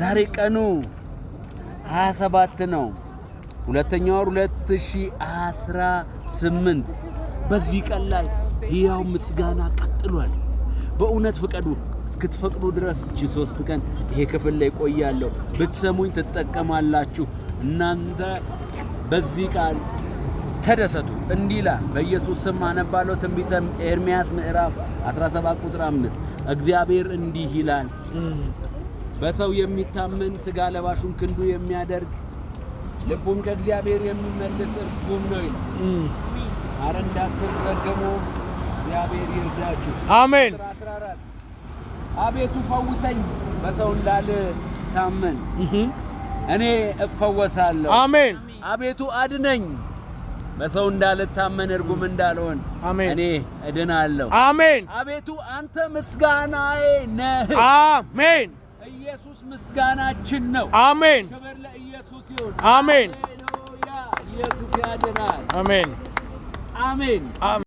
ዛሬ ቀኑ 27 ነው። ሁለተኛ ወር 2018 በዚህ ቀን ላይ ሕያው ምስጋና ቀጥሏል። በእውነት ፍቀዱ። እስክትፈቅዱ ድረስ እቺ ሶስት ቀን ይሄ ክፍል ላይ ቆያለሁ። ብትሰሙኝ ትጠቀማላችሁ። እናንተ በዚህ ቃል ተደሰቱ። እንዲህ ይላል፣ በኢየሱስ ስም አነባለሁ። ትንቢተ ኤርምያስ ምዕራፍ 17 ቁጥር 5 እግዚአብሔር እንዲህ ይላል በሰው የሚታመን ስጋ ለባሹን ክንዱ የሚያደርግ ልቡን ከእግዚአብሔር የሚመልስ እርጉም ነው ይላል። አረ እንዳትረገሙ እግዚአብሔር ይርዳችሁ። አሜን። አቤቱ ፈውሰኝ በሰው እንዳልታመን እኔ እፈወሳለሁ። አሜን። አቤቱ አድነኝ በሰው እንዳልታመን እርጉም እንዳልሆን እኔ እድናለሁ። አሜን። አቤቱ አንተ ምስጋናዬ ነህ። አሜን። ኢየሱስ ምስጋናችን ነው። አሜን። ክብር ለኢየሱስ ይሁን። አሜን። ኢየሱስ ያድናል። አሜን። አሜን።